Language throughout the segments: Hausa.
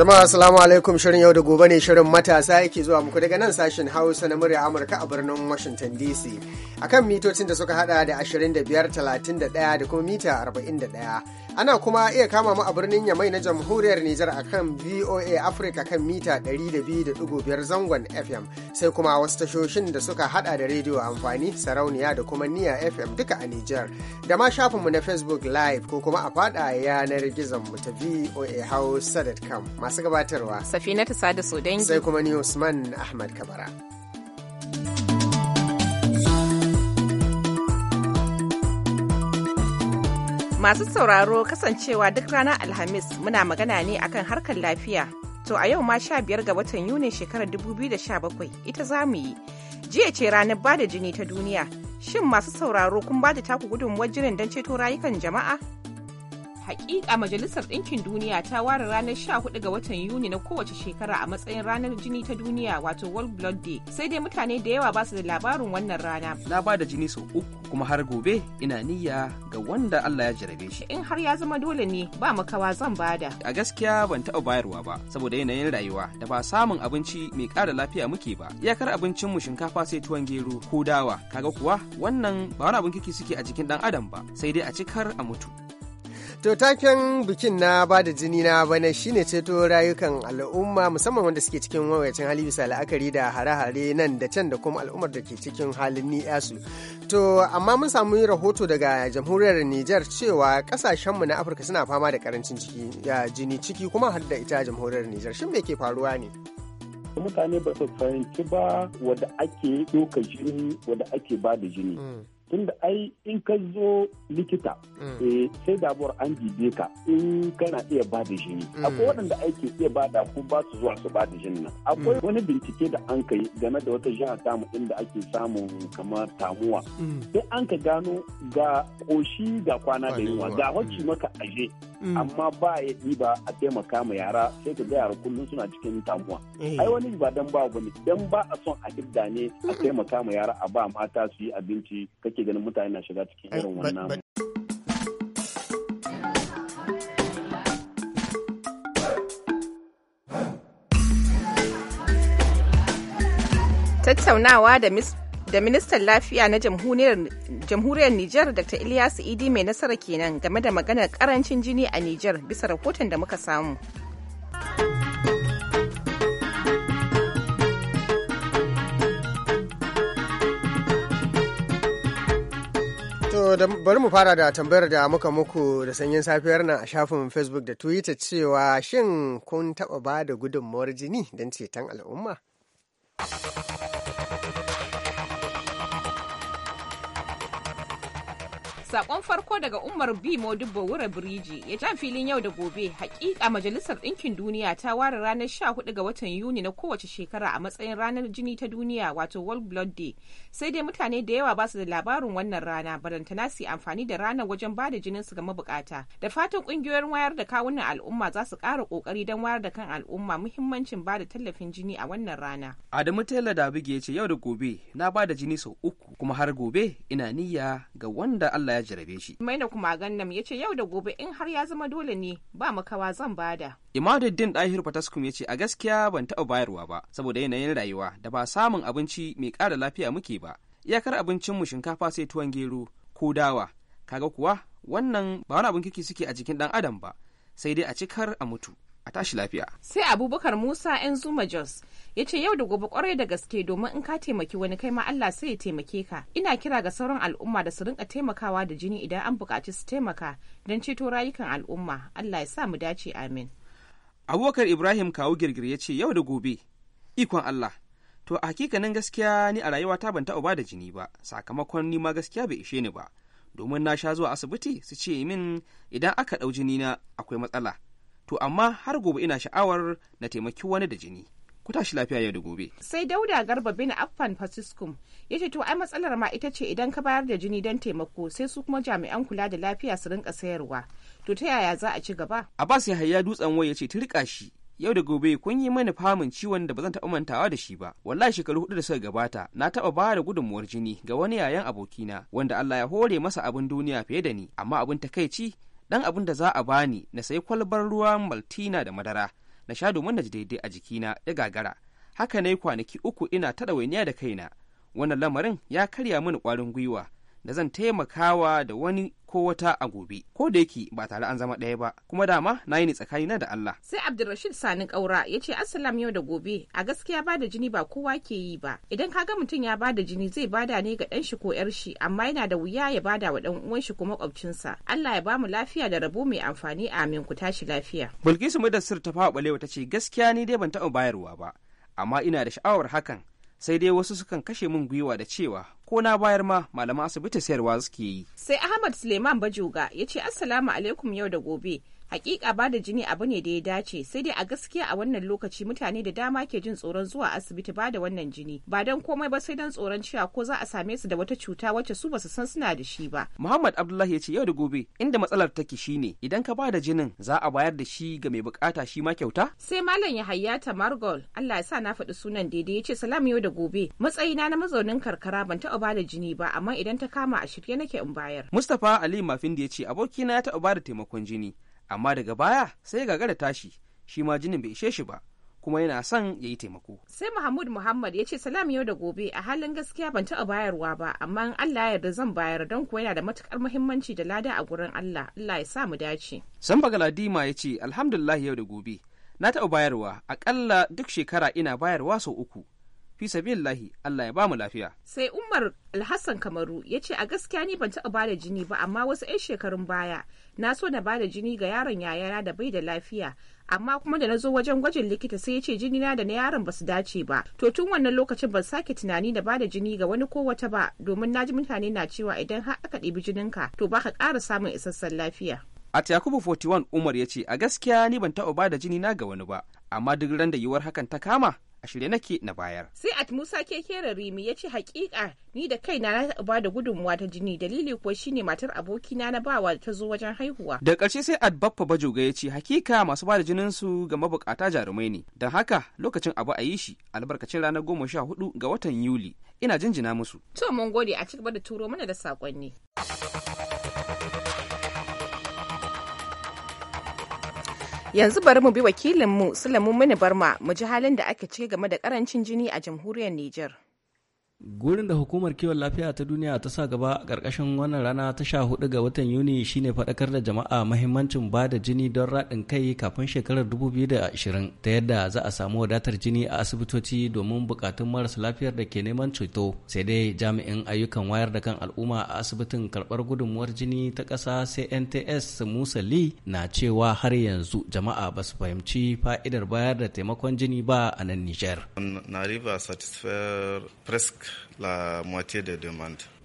Jama'a assalamu alaikum shirin yau da gobe ne shirin matasa yake zuwa muku daga nan sashen Hausa na murya Amurka a birnin Washington DC. Akan mitocin da suka hada da 25, 31 da kuma mita 41. Ana kuma iya kama mu a birnin Yamai na Jamhuriyar Nijar a kan VOA Africa kan mita 200.5 zangon FM sai kuma wasu tashoshin da suka hada da rediyo amfani sarauniya da kuma niya FM duka a Nijar da ma shafinmu na Facebook Live ko kuma a fada yanar gizon mu ta VOA Hausa.com masu gabatarwa. ta Sada Sai kuma ni Usman Ahmad Kabara. Masu sauraro kasancewa duk ranar Alhamis muna magana ne akan harkar lafiya. To a yau ma sha biyar ga watan Yuni shekarar 2017 ita za mu yi. Jiya ce ranar bada jini ta duniya. Shin masu sauraro kun bada taku gudunmuwar jinin don ceto rayukan jama'a? Hakika Majalisar Ɗinkin Duniya ta ware ranar 14 ga watan Yuni na kowace shekara a matsayin ranar jini ta duniya wato World Blood Day. Sai dai mutane da yawa ba su da labarin wannan rana. Na ba da jini sau uku kuma har gobe ina niyya ga wanda Allah ya jarabe shi. In har ya zama dole ne ba makawa zan bada. A gaskiya ban taɓa bayarwa ba saboda yanayin rayuwa da ba samun abinci mai ƙara lafiya muke ba. Iyakar abincinmu shinkafa sai tuwon gero ko dawa kaga kuwa wannan ba wani abin kiki suke a jikin ɗan adam ba sai dai a cikar a mutu. To taken bikin na bada jini na bana shine ceto rayukan al'umma musamman wanda suke cikin wawacin hali bisa la'akari da hare-hare nan da can da kuma al'ummar da ke cikin halin ni'yasu. To amma mun samu rahoto daga jamhuriyar Nijar cewa kasashenmu na Afirka suna fama da karancin ciki jini ciki kuma har da ita jamhuriyar Nijar. Shin me ke faruwa ne? Mutane ba su fahimci ba wadda ake ɗaukar jini wadda ake ba da jini. Mm. tunda ai in ka zo likita mm. eh, sai da damuwar an jibe ka in kana iya ba da jini mm. akwai waɗanda aiki iya ba da ko ba su zuwa su ba da jini nan akwai mm. wani bincike da an kai game da wata jiha tamu inda ake samun kamar tamuwa sai an ka gano ga koshi ga kwana da yunwa ga wacce maka aje amma ba ya ba a taimaka ma yara sai ka ga yara kullum suna cikin tamuwa eh. ai wani ba dan ba wani dan ba a son a ne a taimaka ma yara a ba mata su yi abinci kake ganin mutane na shiga cikin irin wannan tattaunawa da ministan lafiya na jamhuriyar Nijar Dr. Ilyasu Idi mai nasara kenan game da maganar karancin jini a Nijar bisa rahoton da muka samu. To bari mu fara da tambayar da muka muku da sanyin safiyar nan a shafin Facebook da Twitter cewa shin kun taɓa ba da gudunmawar jini don ceton al'umma? Sakon farko daga Umar B. Modibo Wura Biriji ya jan filin yau da gobe hakika Majalisar Ɗinkin Duniya ta ware ranar 14 ga watan Yuni na kowace shekara a matsayin ranar jini ta duniya wato World Blood Day. Sai dai mutane da yawa ba su da labarin wannan rana na su amfani da ranar wajen ba da jinin su ga mabukata. Da fatan kungiyoyin wayar da kawunan al'umma za su ƙara ƙoƙari don wayar da kan al'umma muhimmancin ba da tallafin jini a wannan rana. Adamu Taylor Dabige ya ce yau da gobe na ba da jini sau uku kuma har gobe ina niyya ga wanda Allah ya jarabe shi. Maina kuma gannam ya ce yau da gobe in har ya zama dole ne ba makawa zan bada. Imaduddin Dahir Fataskum ya ce a gaskiya ban taɓa bayarwa ba saboda yanayin rayuwa da ba samun abinci mai ƙara lafiya muke ba. Iyakar abincinmu shinkafa sai tuwon gero ko dawa. Kaga kuwa wannan ba wani abin kike suke a jikin ɗan adam ba sai dai a cikar a mutu. a tashi lafiya. Sai Abubakar Musa 'yan Zuma Jos ya ce yau da gobe kwarai da gaske domin in ka taimaki wani kai ma Allah sai ya taimake ka. Ina kira ga sauran al'umma da su rinka taimakawa da jini idan an buƙaci su taimaka don ceto rayukan al'umma. Allah ya sa mu dace amin. Abubakar Ibrahim Kawu Girgir ya ce yau da gobe ikon Allah. To a hakikanin gaskiya ni a rayuwata ban taɓa bada jini ba sakamakon ni ma gaskiya bai ishe ni ba. Domin na sha zuwa asibiti su ce min idan aka ɗau jini na akwai matsala. to amma har gobe ina sha'awar na taimaki wani da jini ku tashi lafiya yau da gobe. Sai Dauda Garba bin Affan Fasiskum, ya ce to ai matsalar ma ita ce idan ka bayar da jini don taimako sai su kuma jami'an kula da lafiya su rinka sayarwa. To ta yaya za a ci gaba? A Abbas Yahaya Dutsen wai ya ce turka shi yau da gobe kun yi mani famin ciwon da ba zan taɓa mantawa da shi ba wallahi shekaru hudu da suka gabata na taɓa ba da gudunmuwar jini ga wani yayan abokina wanda Allah ya hore masa abin duniya fiye da ni amma abin takaici dan abin da za a bani na sayi kwalbar ruwa maltina da madara na sha domin na ji daidai a jikina ya gagara haka ne kwanaki uku ina ta ɗawainiya da kaina wannan lamarin ya karya mini kwarin gwiwa da zan taimakawa da wani ko wata a gobe ko da yake ba tare an zama ɗaya ba kuma dama na yi ni tsakani na da Allah. Sai Abdulrashid Sani Kaura ya ce Assalam yau da gobe a gaskiya bada jini ba kowa ke yi ba idan ka ga mutum ya ba da jini zai ba da ne ga ɗan shi ko yar shi amma yana da wuya ya ba da wa ɗan uwan shi ko makwabcinsa Allah ya bamu lafiya da rabo mai amfani amin ku tashi lafiya. Bilkisu Madassir ta fawa ɓalewa, ta ce gaskiya ni dai ban taɓa bayarwa ba amma ina da sha'awar hakan sai dai wasu sukan kashe min gwiwa da cewa ko na bayar ma malaman asibiti sayarwa suke yi. Sai Ahmad Suleiman Bajoga ya ce Assalamu alaikum yau da gobe. hakika bada jini abu ne da ya dace sai dai a gaskiya a wannan lokaci mutane da dama ke jin tsoron zuwa asibiti bada wannan jini ba dan komai ba sai dan tsoron cewa ko za a same su da wata cuta wacce su basu san suna da shi ba muhammad abdullahi ya ce yau da gobe inda matsalar take ne idan ka bada jinin za a bayar da shi ga mai bukata shi ma kyauta sai malam ya hayyata margol allah ya sa na faɗi sunan daidai ya ce salam yau da gobe matsayina na mazaunin karkara ban taɓa bada jini ba amma idan ta kama a shirye nake in bayar mustapha ali mafin ya ce abokina ya taɓa bada taimakon jini amma daga baya sai gagara tashi shi ma jinin bai ishe shi ba kuma yana son ya yi taimako. Sai Muhammad Muhammad ya ce salam yau da gobe a halin gaskiya ban taɓa bayarwa ba amma in Allah ya yarda zan bayar don kuwa yana da matukar muhimmanci da lada a gurin Allah Allah ya sa mu dace. Samba Galadima ya ce alhamdulillah yau da gobe na taɓa bayarwa akalla duk shekara ina bayarwa sau uku fi lahi Allah ya bamu lafiya sai Umar Alhassan Kamaru ya ce a gaskiya ni ban taɓa bada jini ba amma wasu 'yan shekarun baya na so na bada jini ga yaron yayana da bai da lafiya amma kuma da na zo wajen gwajin likita sai ya ce jini na da na yaron ba su dace ba to tun wannan lokacin ban sake tunani da bada jini ga wani ko wata ba domin na ji mutane na cewa idan har aka jinin jininka to ba ka ƙara samun isassan lafiya At Yakubu 41 Umar ya ce a gaskiya ni ban taɓa bada jini na ga wani ba amma duk ran da yiwuwar hakan ta kama a shirye nake na bayar. Sai at Musa kera Rimi ya ce hakika ni da kaina na ba da gudunmuwa ta jini dalili kuwa shine matar abokina na bawa ta zo wajen haihuwa. Da ƙarshe sai at Baffa Bajoga ya ce hakika masu ba da jinin ga mabukata jarumai ne. Don haka lokacin abu a yi shi albarkacin ranar goma sha hudu ga watan Yuli. Ina jinjina musu. To mun gode a ci gaba da turo mana da saƙonni. Yanzu bari mu bi wakilinmu Sulaimu Mini Barma mu ji halin da ake ciki game da karancin jini a jamhuriyar Nijar. Gurin da hukumar kiwon lafiya ta duniya ta sa gaba a ƙarƙashin wannan rana ta sha hudu ga watan Yuni shine faɗakar da jama'a mahimmancin ba da jini don raɗin kai kafin shekarar 2020 ta yadda za a samu wadatar jini a asibitoci domin buƙatun marasa lafiyar da ke neman ceto. Sai dai jami'in ayyukan wayar da kan al'umma a asibitin karɓar gudunmuwar jini ta ƙasa CNTS Musa Lee na cewa har yanzu jama'a ba su fahimci fa'idar bayar da taimakon jini ba a nan niger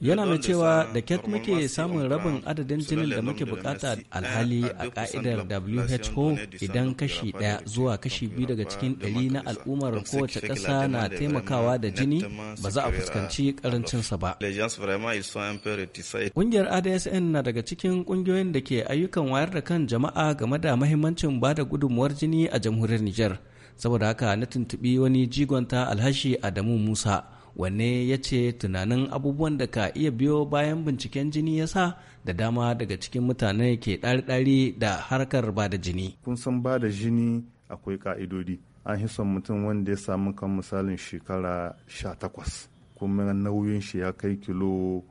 Yana mai cewa da ket muke samun rabin adadin jinin da muke bukata alhali a ka'idar WHO idan kashi daya zuwa kashi biyu daga cikin dari na al'ummar kowace ƙasa na taimakawa da jini ba za a fuskanci ƙarancinsa ba. Ƙungiyar ADSN na daga cikin ƙungiyoyin da ke ayyukan wayar da kan jama'a game da mahimmancin ba da gudunmuwar jini a jamhuriyar Nijar. Saboda haka na tuntubi wani jigonta alhashi Adamu Musa. wanne ya ce tunanin abubuwan da ka iya biyo bayan binciken jini ya sa da dama daga cikin mutane ke ɗari-ɗari da harkar ba da jini. Kun san ba da jini akwai ka'idodi. An hi son mutum wanda ya samu kan misalin shekara takwas kuma nauyin shi ya kai kilo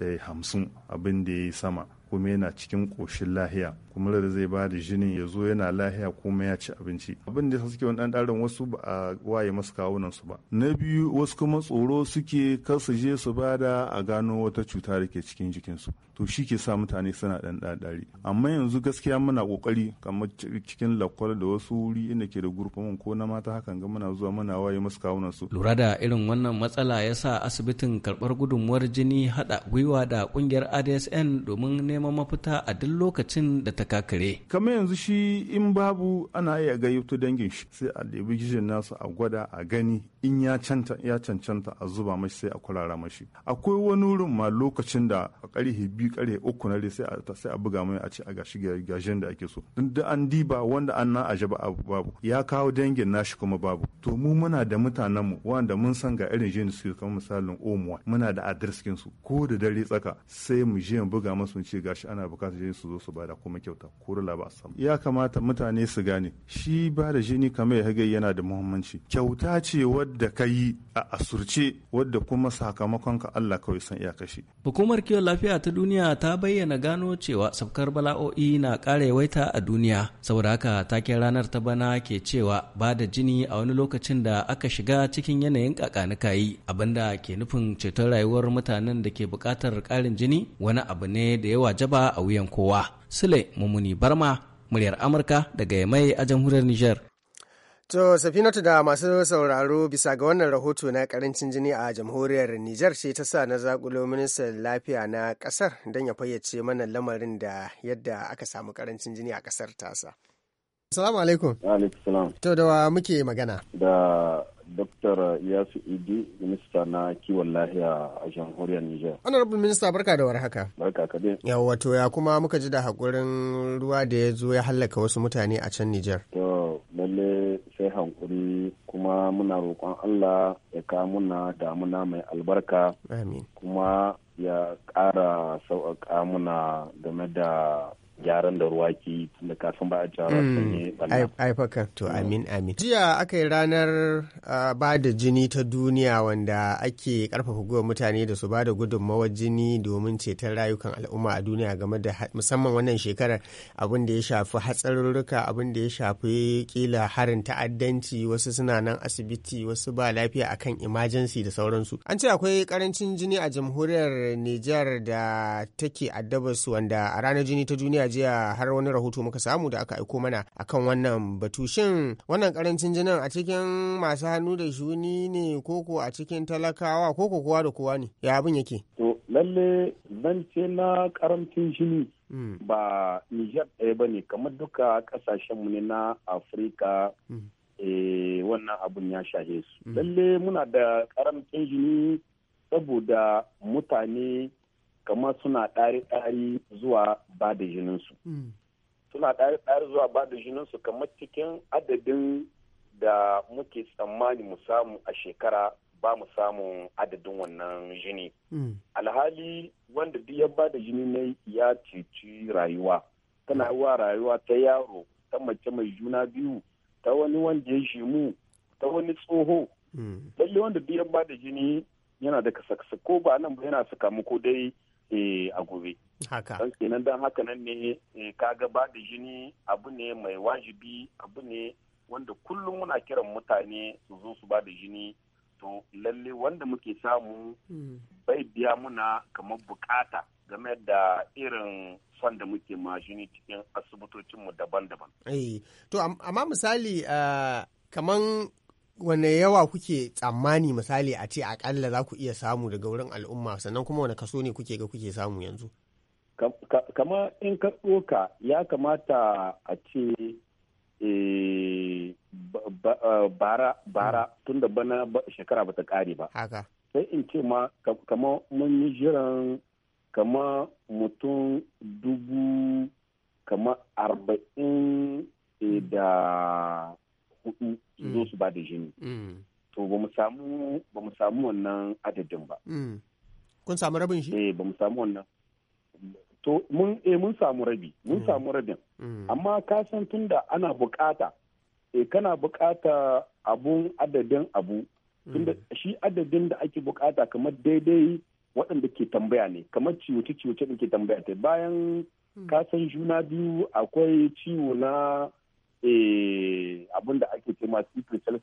eh, hamsin abin da ya yi sama kuma yana cikin ƙoshin lahiya kuma da zai ba da jini ya zo yana lahiya kuma ya ci abinci abin da suke wani ɗanɗaren wasu ba a waye masu nan su ba na biyu wasu kuma tsoro suke kar su je su ba a gano wata cuta da ke cikin jikinsu to shi ke sa mutane suna ɗan ɗaɗari amma yanzu gaskiya muna ƙoƙari kamar cikin lakwal da wasu wuri inda ke da gurfamin ko na mata hakan ga muna zuwa muna waye masu kawunansu lura da irin wannan matsala ya sa asibitin karɓar gudunmuwar jini haɗa gwiwa da ƙungiyar adsn domin neman mafita a duk lokacin da ta ta kakare kamar yanzu shi in babu ana iya gayyato dangin shi sai a ɗebi gishin nasu a gwada a gani in ya cancanta a zuba mashi sai a kwarara mashi akwai wani wurin ma lokacin da a ƙarfe biyu ƙarfe uku na sai a sai a buga mai a ce a gashi gashin da ake so duk an diba wanda an na aje ba babu ya kawo dangin nashi kuma babu to mu muna da mutanen mu wanda mun san ga irin jini su kamar misalin omuwa muna da adreskin su ko da dare tsaka sai mu je mu buga masu mu ce gashi ana bukatar jini su zo su bada kuma kyau kyauta ko da ba a samu ya kamata mutane su gane shi ba da jini kamar ya hage yana da muhimmanci kyauta ce wadda ka yi a asurce wadda kuma sakamakon ka Allah kawai san iya kashi hukumar kiwon lafiya ta duniya ta bayyana gano cewa sabkar bala'o'i na ƙara yawaita a duniya saboda haka taken ranar ta bana ke cewa ba da jini a wani lokacin da aka shiga cikin yanayin yi abinda ke nufin ceton rayuwar mutanen da ke buƙatar ƙarin jini wani abu ne da yawa jaba a wuyan kowa Sule Mumuni Barma, muryar Amurka daga Yamai a jamhuriyar Nijar. To, Safinatu da masu sauraro bisa ga wannan rahoto na karancin jini a jamhuriyar Nijar ce ta sa na zakulo ministan lafiya na ƙasar don ya fayyace mana lamarin da yadda aka samu karancin jini a ƙasar tasa. Salamu alaikum. To, da wa muke magana? Da Dr. Yasu Idi, minista na kiwon lahiya a jamhuriyar Nijar. Honorable Minista barka da warhaka. Barka ka dai. Ya wato ya kuma muka ji da haƙurin ruwa da ya zo ya hallaka wasu mutane a can Nijar. To lalle sai hankuri kuma muna roƙon Allah ya kamuna damuna mai albarka. Amin. Kuma ya ƙara sauƙaƙa muna game da gyaran da ruwa ke da kafin ba a jara hmm. aifakar to hmm. amin amin jiya aka yi ranar ba da jini ta duniya wanda ake karfafa gwiwa mutane da su ba da gudunmawa jini domin ceton rayukan al'umma a duniya game da musamman wannan shekarar abin da ya shafi hatsarurruka abin da ya shafi kila harin ta'addanci wasu suna nan asibiti wasu ba lafiya akan imajensi da sauransu an ce akwai karancin jini a jamhuriyar nijar da take addabar su wanda a ranar jini ta duniya jiya har wani rahoto muka samu da aka aiko mana akan wannan batu shin wannan karancin jinin a cikin masu hannu da shuni ne koko a cikin talakawa koko kowa da kowa ne ya abin yake to lalle zance na karancin jini hmm. ba niger ɗaya ba ne kamar duka ƙasashenmu ne na Afirka hmm. eh, wannan abun ya shahe su. Hmm. Lalle muna da karancin jini saboda mutane kama suna ɗari-ɗari zuwa ba da jininsu. Hmm. Suna ɗari-ɗari zuwa ba da jininsu kamar cikin adadin da muke tsammani mu samu a shekara ba mu samun adadin wannan jini. Hmm. Alhali wanda duk ya ba da jini ne ya ceci rayuwa. Tana wa rayuwa ta yaro, ta mace mai juna biyu, ta wani wanda ya shimu, ta wani tsoho. Hmm. Lalle wanda duk ya ba da jini yana da kasakasa ko ba nan ba yana suka mu ko dai a gobe. Haka. Don kenan don haka nan ne eh, kaga ba da jini abu ne mai wajibi abu ne wanda kullum muna kiran mutane su zo su ba da jini to lalle wanda muke samu hmm. bai biya muna kamar bukata game da irin son da muke ma jini cikin asibitocinmu daban-daban. Eh, to amma misali ah, kaman wane yawa kuke tsammani misali a ce akalla za ku iya samu daga wurin al'umma sannan kuma wane kaso ne kuke ga kuke samu yanzu kama in ka ɗoka ya kamata a ce eh, eh, bara tun da bana shekara bata ta ƙare ba sai in ce ma kama mun yi jiran kama mutum dubu kama arba'in eh, da hudu su zo mm. su ba da jini mm. to ba mu samu ba mu samu wannan adadin ba mm. kun samu rabin shi eh ba mu samu wannan to mun eh mun samu rabi mun samu rabin amma ka san tunda ana bukata eh kana bukata abun adadin abu tunda shi adadin da ake bukata kamar daidai waɗanda ke tambaya ne kamar ciwoce ciwo da ke tambaya ta bayan ka san juna biyu akwai ciwo na Eh, abin da ake cema sickle cell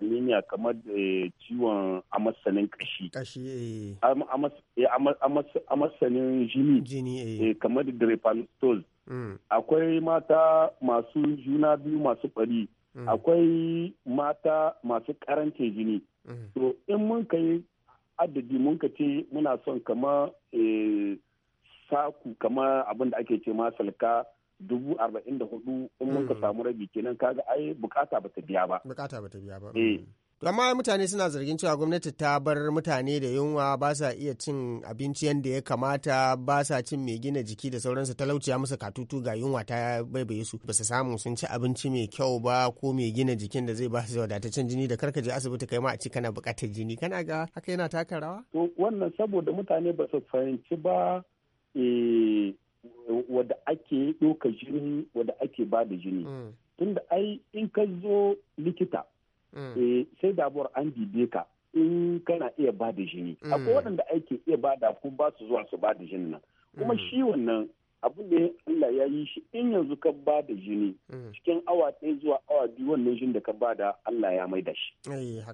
anemia kamar eh, ciwon amasanin kashi kashi eh. amasanin jini jini kamar drepanocytosis mm. akwai mata masu juna biyu masu bari mm. akwai mata masu karanta jini mm. to in mun kai adadi mun ka ce muna son kamar saku kamar abin da ake ce ma dubu arba'in da hudu in ka mm. samu rabi kenan kaga ai bukata bata biya ba bukata bata biya ba eh. amma mutane suna zargin cewa gwamnati ta bar mutane da yunwa ba sa iya cin abinci yadda ya kamata ba sa cin mai gina jiki da sauransu talauci ya musu katutu ga yunwa ta baibaye su su samu sun ci abinci mai kyau ba ko mai gina jikin da zai ba su wadataccen jini da karkaje asibiti kai ma a ci kana bukatar jini kana ga haka yana taka rawa wannan saboda mutane ba su fahimci ba eh, wadda ake doka jini wadda ake ba da jini mm. tunda ai in ka zo likita mm. eh, sai da abuwar an bibe ka in kana iya ba da jini mm. akwai waɗanda ake iya ba da basu ba su zuwa su ba da jini nan kuma shi wannan abu ne Allah ya yi shi in yanzu ka ba da jini cikin awa ɗaya zuwa awa biyu wannan jini da ka ba da Allah ya mai da shi eh,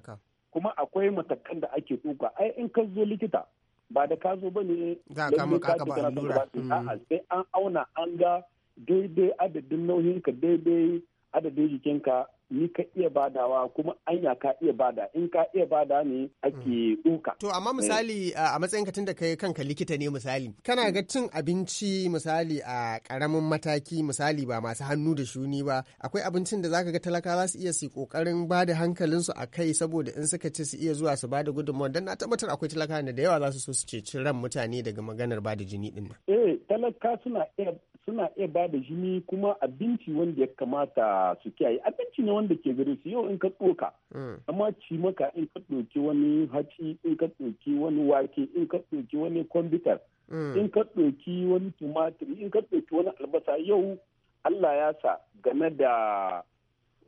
kuma akwai matakan da ake ɗauka ai in ka zo likita ba da kazo ba ne za ka kama ba allura mm. sai an auna an ga daidai adadin nauyin ka daidai adadin jikinka ni ka iya badawa kuma anya ka iya bada in ka iya bada ne ake hmm. duka. To amma eh. misali a matsayin ka tunda kai kanka likita ne misali kana hmm. ga cin abinci misali a karamin mataki misali ba masu hannu da shuni ba akwai abincin da zaka ga talaka za su iya su kokarin bada hankalin su a kai saboda in suka ci su iya zuwa su bada gudunmawa dan na tabbatar akwai talaka da yawa za su so su ceci ran mutane daga maganar bada jini din nan. Eh talaka suna iya suna iya ba da jini kuma abinci wanda ya kamata su kiyaye abinci ne wanda ke gare su yau in ka tsoka mm. amma ci maka in ka tsoki wani haci in ka tsoki wani wake in ka tsoki wani kwambitar mm. in ka tsoki wani tumatir in ka tsoki wani albasa yau Allah ya sa game da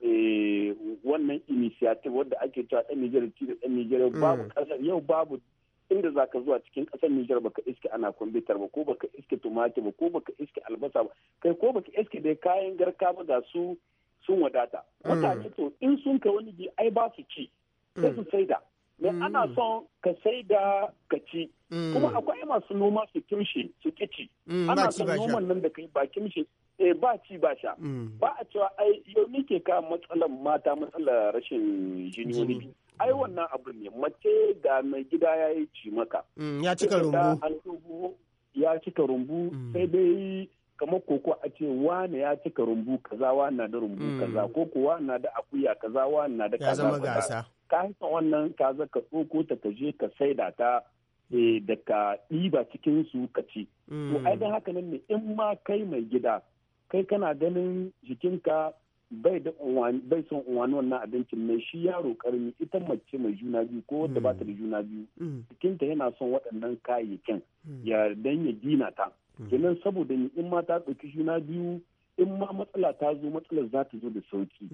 eh, wannan inisiyatif wadda ake cewa ɗan nigeria ci da ɗan mm. babu ƙasar yau babu inda za ka zuwa cikin ƙasar Nijar baka iske ana kwambitar ba ko baka iske tumaki ba ko baka iske albasa ba kai ko baka iske dai kayan garka ba ga su sun wadata. Mm. Mutane to in sun ka wani ji ai ba su ci mm. sai su saida. Me mm. ana son ka saida ka ci. Kuma akwai masu noma su kimshi su kici. Ana son noman nan da kai ba kimshi eh ba ci ba sha mm. ba a cewa ai yau ke ka matsalan mata matsalar rashin jini wani ai wannan abu ne mace da mai gida ya yi ci maka mm, ya cika rumbu ya cika rumbu sai dai kamar koko a ce wane ya cika rumbu kaza wane na da rumbu mm. kaza Koko kuwa na da akuya kaza wane na da kaza ya zama gasa ka hanta wannan kaza ka tsoko ta ka je ka saida ta eh, da ka ɗiba cikin su ka ci to ai dan haka nan ne in ma kai mai gida kai kana ganin jikinka bai da bai son unwani wannan abincin mai shi yaro karmi ita mace mai juna biyu ko wadda ba ta da mm. juna biyu mm. jikinta yana son waɗannan kayayyakin mm. ya dan ya gina ta kenan saboda in ma ta ɗauki juna biyu in ma matsala ta zo matsalar za ta zo da sauki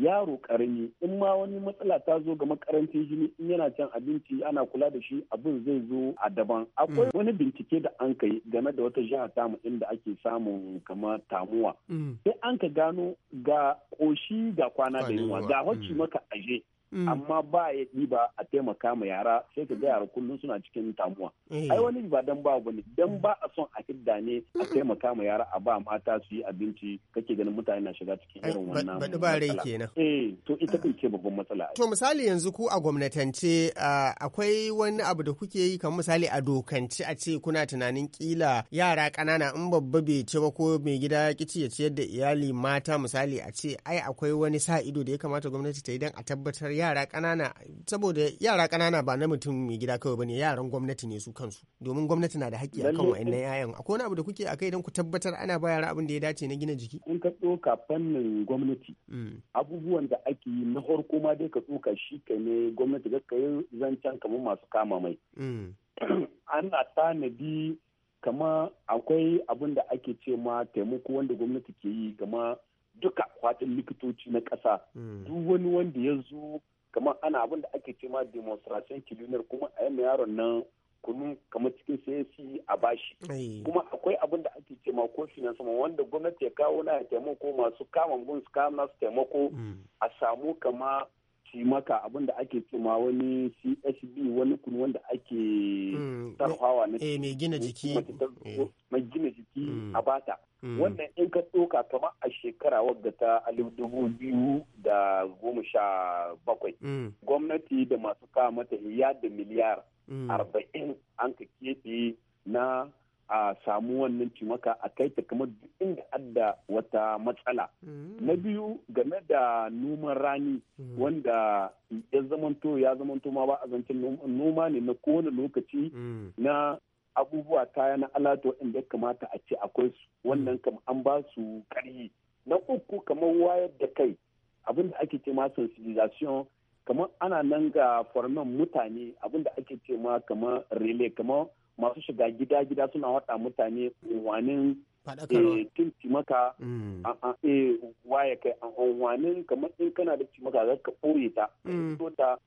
yaro karami in ma wani matsala ta zo ga makarantar jini in yana cin abinci ana kula da shi abin zai zo a daban akwai wani bincike da an kai game da wata jiha tamu inda ake samun kama tamuwa mm. sai an ka gano ga koshi ga kwana da yunwa ga wacce mm. maka aje Mm. amma ba ya ba a taimaka ma yara sai ka ga yara kullum suna cikin tamuwa eh. ai wani ba dan ba bane dan ba a son a hidda ne a mm. taimaka ma yara a ba mata su yi abinci kake ganin mutane na shiga cikin irin wannan baɗi ba rai kenan eh to ita ah. kai ce babban matsala to misali yanzu ku a gwamnatance ah, akwai wani abu da kuke yi kamar misali a dokance a ce kuna tunanin kila yara ƙanana in babba bai ce ba ko mai gida kici ya ciyar da iyali mata misali a ce ai akwai wani sa ido da ya kamata gwamnati ta yi dan a tabbatar yara ƙanana saboda yara kanana ba na mutum mai gida kawai bane yaran gwamnati ne su kansu domin gwamnati na da haƙƙi akan wa'annan yayan akwai wani abu da kuke akai don ku tabbatar ana ba yara abin da ya dace na gina jiki in ka tsoka fannin gwamnati mm. abubuwan da ake yi na farko ma dai ka tsoka shi ka ne gwamnati ga kai zancen kamar masu kama mai mm. ana tanadi kama akwai abin da ake ce ma taimako wanda gwamnati ke yi kama duka kwatin likitoci na ƙasa hmm. duk wani wanda ya zo kamar ana abin da ake ce ma demonstration kilinar kuma a yi yaron nan kunu kamar cikin sayasi a bashi kuma akwai abin da ake ce ma ko sama wanda gwamnati ya kawo na taimako masu kama gun su kama su taimako hmm. a samu kama shi maka abin da ake tsuma wani csb wani kun wanda ake mm, sarfawa na eh, mai gina jiki mai gina jiki eh. mm. a bata mm. wannan in ka tsoka kamar a shekara wadda ta alif dubu biyu da goma sha bakwai gwamnati da masu ta mata da miliyar arba'in an ka kefe na a samu wannan cimaka a kai ta kamar inda adda wata matsala. Mm. Na biyu game da noman rani mm. wanda ya zamanto ya zamanto ma ba a zancen noma ne na kowane lokaci mm. na abubuwa kaya na alato inda kamata a ce akwai su wannan kam an ba su Na uku kamar wayar da kai abinda ake ce ma sensibilisation kamar ana nan ga mutane abinda ake ce ma kamar relay kamar masu shiga gida-gida suna waɗa mutane wanin tun eh, cimaka mm. eh, waye kai wanin kamar in kana da cimaka za ka ɓoye ta mm. ta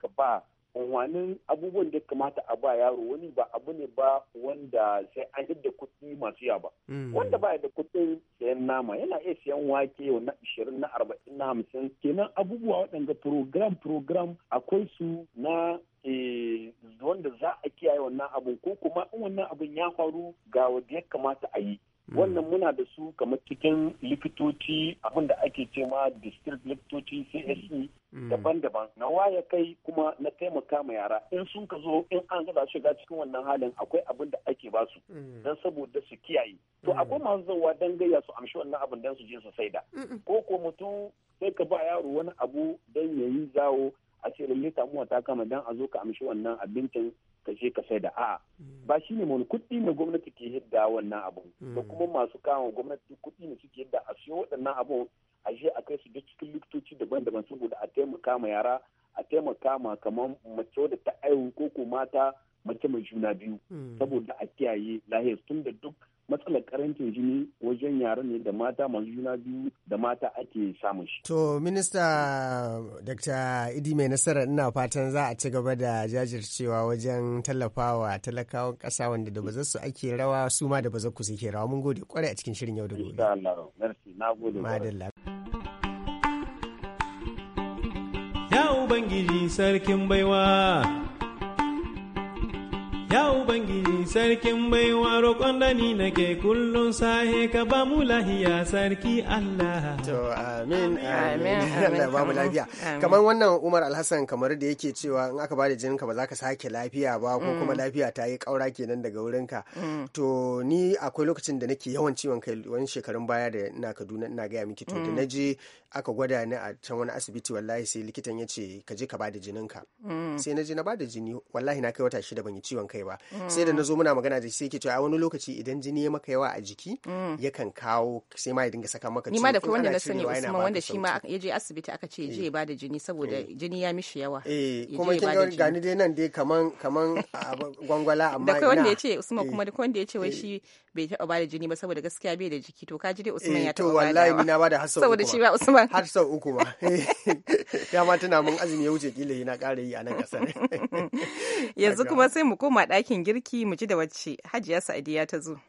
ka ba unwanin abubuwan da kamata a ba yaro wani ba abu ne ba wanda sai an da kuɗi masu yawa ba. Mm. Wanda ba da kuɗin sayan nama yana iya sayan wake na ishirin na arba'in na hamsin kenan abubuwa waɗanda program program akwai su na eh, wanda za a kiyaye wannan abun ko kuma in wannan abun ya faru ga wanda ya kamata a yi Mm. wannan muna da su kamar cikin likitoci abinda ake ce ma district likitoci CSE mm. daban-daban na waya kai kuma na taimaka ma yara in sun ka zo in an gada shiga cikin wannan halin akwai abin da ake ba su mm. don saboda su kiyaye to akwai masu zauwa don gayya su amshi wannan abin don su je su saida ko ko mutum sai ka ba yaro wani abu don yayi zawo a ce lalle ta kama don a zo ka amshi wannan abincin ka je ka a mm. ba shi ne mun kuɗi ne gwamnati ke yadda wannan abu da mm. kuma masu kama gwamnati kuɗi ne suke yadda a siyo waɗannan abu a je a kai su duk cikin likitoci daban-daban saboda a taimaka ma yara a taimaka ma kamar mace da ta aihu ko ko mata mace mai juna biyu hmm. saboda a kiyaye lahiyar tun da duk matsalar karancin jini wajen yara ne da mata masu juna biyu da mata ake samun shi. To, Minista Dr. Idi mai nasara ina fatan za a ci gaba da jajircewa wajen tallafawa talakawan ƙasa wanda da baza su ake rawa su ma da baza ku su ke rawa. Mun gode kwarai a cikin shirin yau da gobe. Madalla. Ya Ubangiji sarkin baiwa. Ya Ubangiji sarkin baiwa roƙon da ni nake kullum sahe ka ba mu lahiya sarki Allah. To amin amin Allah ba mu lafiya. Kamar wannan Umar Alhassan kamar da yake cewa in aka bada jinin ka ba za ka sake lafiya ba ko kuma mm. lafiya ta yi ƙaura kenan daga wurin ka. Mm. To ni akwai lokacin da nake yawan ciwon kai wani shekarun baya da ina Kaduna ina gaya miki to da mm. na je aka gwada ni a can wani asibiti wallahi sai likitan ya ce ka je ka bada jinin ka mm. sai na je na bada jini wallahi na kai wata shida ban yi ciwon kai ba mm. sai da na zo muna magana da sai ke cewa a wani lokaci idan jini ya maka yawa a jiki mm. yakan kawo sai ma ya dinga saka maka ciwon ni ma da wanda na sani Usman wanda shi ma ya je asibiti aka ce je ya eh. bada jini saboda eh. jini ya mishi yawa eh kuma kin ga gani dai nan dai kaman kaman gwangwala amma da kai wanda ya ce Usman kuma eh. da wanda ya ce wai shi bai taɓa bada jini ba saboda gaskiya bai da jiki to kaji dai Usman ya eh, taɓa wallahi da na bada har sau saboda shi ba Usman har sau uku ba. ya ma tana mun azumi ya wuce kila na ƙara yi a nan ƙasar yanzu kuma sai mu koma ɗakin girki mu ji da wacce Hajiya ya ta zo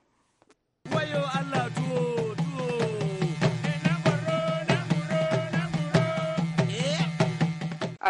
Allah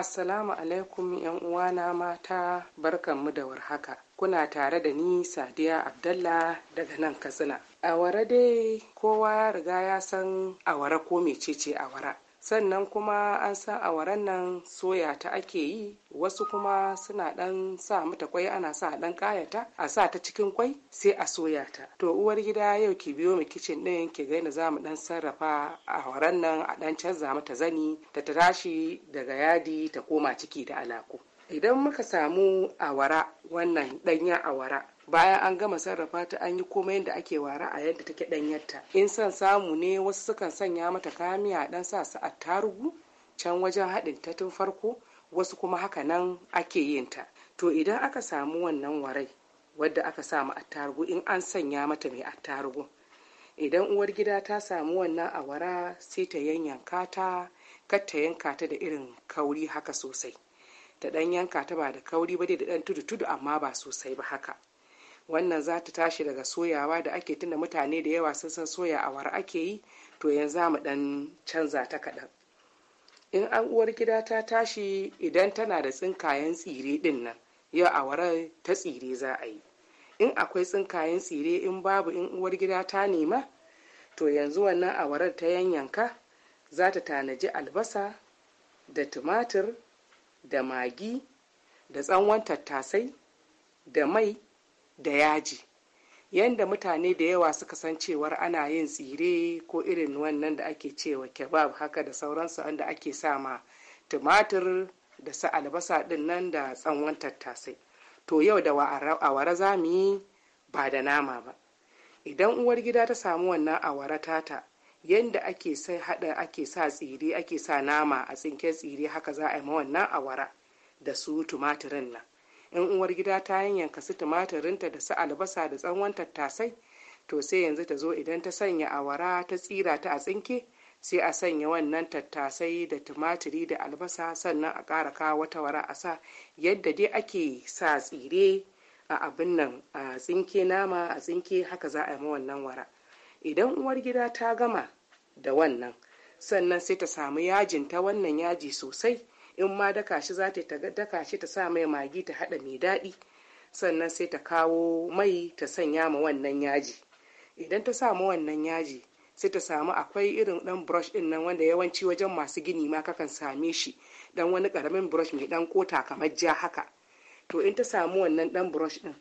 Assalamu alaikum yan uwana mata barkanmu da warhaka. Kuna tare da ni Sadiya Abdalla daga nan Katsina. Awara dai kowa riga ya san awara ko mecece awara. sannan kuma an san awaran nan soya ta ake yi wasu kuma suna dan sa mata kwai ana sa dan kayata a sa ta cikin kwai sai a soya ta to uwar gida yau ki biyo mu kicin din ki ga za mu dan sarrafa awaran nan a dan canza mata zani ta tashi daga yadi ta koma ciki da alako idan muka samu awara wannan danyen awara bayan an gama sarrafa ta an yi komai yadda ake wara a yadda take ɗanyarta in san samu ne wasu sukan sanya mata kamiya dan sa su a tarugu can wajen haɗin ta tun farko wasu kuma haka nan ake yin ta to idan aka samu wannan warai wadda aka samu attarugu in an sanya mata mai attarugu idan uwar gida ta samu wannan awara sai ta yanyanka ta kar ta yanka ta da irin kauri haka sosai ta ɗan yanka ta ba da kauri ba dai da ɗan tudu tudu amma ba sosai ba haka wannan za ta tashi daga soyawa da ake tunda mutane da yawa sun san soya awara ake yi to yanzu za mu dan canza ta kaɗan in an uwar gida ta tashi idan tana da tsinkayen tsire din nan yau awarar ta tsire za a yi in akwai tsinkayen tsire in babu in uwar gida ta nema to yanzu wannan awarar ta yanyanka za ta tanaji albasa da tumatir da magi da tsawon tattasai da mai da yaji yadda mutane da yawa suka san cewar ana yin tsire ko irin wannan da ake cewa kebab haka da sauransu wanda ake sama tumatir da su albasa din nan da tsawon tattasai to yau da awara za mu yi ba da nama ba idan uwar gida ta samu wannan awara tata yanda ake sai hada ake sa tsire ake sa nama a tsinke tsire haka za a yi ma wannan awara da su tumatirin nan in uwar gida ta hanyar su tumatirinta da su albasa da tsawon tattasai to sai yanzu ta zo idan ta sanya awara ta tsira ta a tsinke sai a sanya wannan tattasai da tumatiri da albasa sannan a ƙara kawo wata wara a sa yadda dai ake sa tsire a abin nan a tsinke nama a tsinke haka za a yi wannan wara idan uwar gida ta gama da wannan sannan sai ta samu yajin ta wannan yaji sosai in ma daka shi za ta daka shi ta sa mai magi ta haɗa mai daɗi sannan sai ta kawo mai ta sanya ma wannan yaji idan ta samu wannan yaji sai ta samu akwai irin dan brush din nan wanda yawanci wajen masu gini ma kakan same shi dan wani karamin brush mai dan kota kamar ja haka to in ta samu wannan dan brush din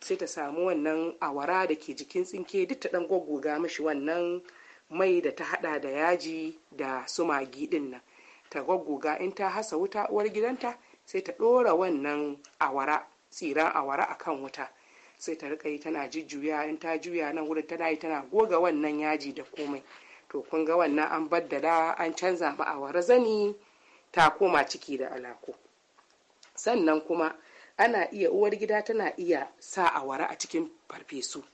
sai ta samu wannan awara da ke jikin tsinke duk ta dan goggoga mishi wannan mai da ta hada da yaji da su magi din nan ta gwagguga in ta hasa wuta uwar gidanta sai ta ɗora wannan awara tsiran awara a kan wuta sai ta rika yi tana jujjuya in ta juya nan wurin tana yi tana goga wannan yaji da komai to kun ga wannan an baddala an canza ma awara zani ta koma ciki da alako sannan kuma ana iya uwar gida tana iya sa awara a cikin farfesu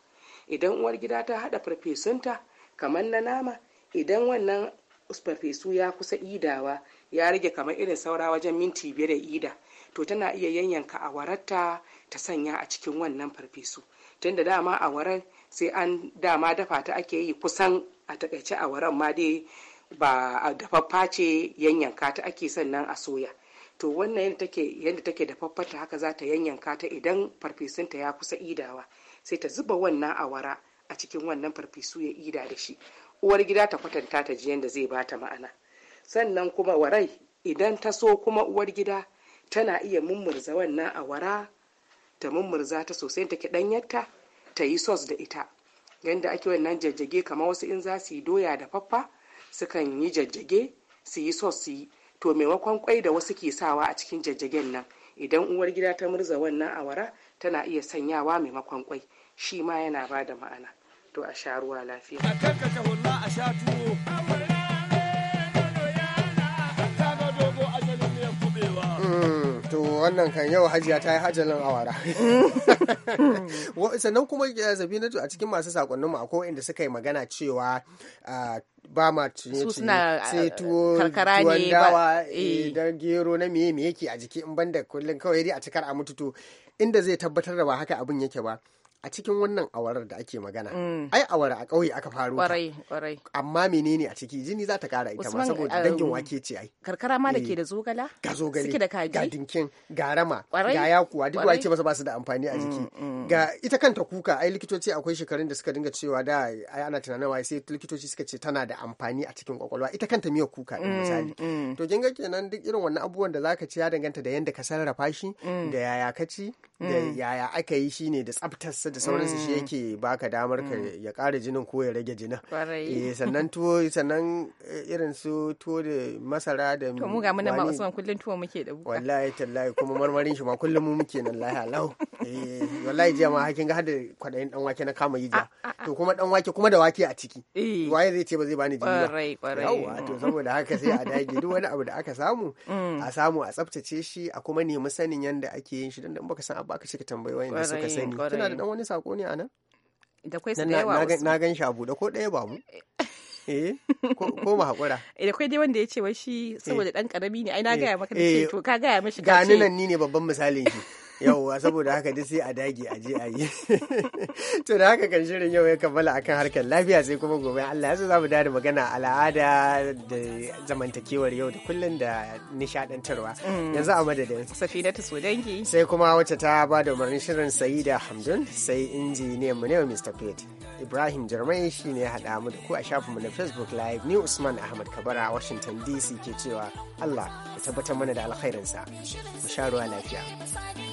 idan uwar gida ta haɗa farfesunta kamar na nama idan wannan farfesu ya kusa idawa ya rage kamar irin saura wajen minti biyar da ida to tana iya yanyanka awararta ta sanya a cikin wannan farfesu tunda dama warar sai an dama dafa ta ake yi kusan a takaice awarar ma dai ba a dafaffa ce yanyanka ta ake sannan a soya to wannan yadda take yadda take dafaffata haka za ta yanyanka ta idan farfesunta ya kusa idawa sai ta zuba wannan awara a cikin wannan farfesu ya ida da shi uwar gida ta kwatanta ta ji yadda zai bata ma'ana sannan kuma warai idan ta so kuma uwar gida tana iya mummurza wannan awara ta mummurza ta sosai ta ki danyarta ta yi sos da ita yadda ake wannan jajjage kamar wasu in za su yi doya da faffa sukan yi jajjage su yi sos su yi to maimakon kwai da wasu ke sawa a cikin jajjagen nan idan uwar gida ta murza wannan awara tana iya sanyawa maimakon kwai shi ma yana ba da ma'ana to a sha ruwa lafiya. A a sha tuwo. Hmm, to wannan kan yau hajiya ta yi hajalin awara. Sannan kuma eh, na a cikin masu sakonninmu akwai inda suka yi magana cewa ah, ba ma cinye cinye sai eh, tuwo tuwon dawa idan eh. gero na miye me yake a jiki in banda kullum kawai dai a cikar a mutu to inda zai tabbatar da ba haka abin yake ba a cikin wannan awarar da ake magana mm. ai awara a ƙauye aka faro ta. amma menene a ciki jini za ta kara ita ma saboda um, dangin wake ce ai karkara ma da eh. ke da zogala ga zogale suke da kaji ga dinkin ga rama ga yakuwa duk wake ba su da amfani a mm, jiki mm. ga ita kanta kuka ai likitoci akwai shekarun da suka dinga cewa da ai ana tunanin wai sai likitoci suka ce tana da amfani a cikin kwakwalwa ita kanta miyar kuka din misali to kinga kenan duk irin wannan abubuwan da zaka ci ya danganta da yanda ka sarrafa shi da yaya ka ci da yaya aka yi Shi ne da tsaftar su da su shi mm. yake baka damar ka mm. ya kara jinin ko ya rage jinin eh sannan tuwo sannan eh, irin su tuwo da masara da to mu ga muna ma Usman kullun tuwo muke da buka wallahi tallahi kuma marmarin shi ma kullun mu muke nan lahi alau eh wallahi jiya ma hakin ga hada kwadayin dan wake na kama yi ja ah, ah, ah. to kuma dan wake kuma da wake a ciki eh. waye zai ce ba zai bani jini ba kwarai kwarai to saboda haka sai a dage duk wani abu da aka samu mm. a samu a tsaftace shi a kuma nemi sanin yanda ake yin shi dan baka san abu aka ce ka tambayi wayan da suka sani kina da dan wani sako ne a nan da kwai su da yawa na gan shi a buɗe ko ɗaya ba mu eh, ko ma haƙura eh, da kwai dai wanda ya ce wai shi eh. saboda ɗan ƙarami ne ai na gaya maka da ce to ka gaya mashi ka ce gani nan ni ne babban misalin shi yauwa saboda haka duk sai a dage a je a yi to da haka kan shirin yau ya kammala akan harkar lafiya sai kuma gobe Allah ya za mu da magana al'ada da zamantakewar yau da kullun da nishadantarwa mm. yanzu a madadin safina ta so dangi sai kuma wacce ta ba da umarnin shirin sayida hamdun sai injiniyan mu ne Mr. Pete Ibrahim Jarmai shine ya haɗa mu da ku a mu na Facebook Live ni Usman Ahmad Kabara a Washington DC ke cewa Allah ya tabbatar mana da alkhairinsa mu sha ruwa lafiya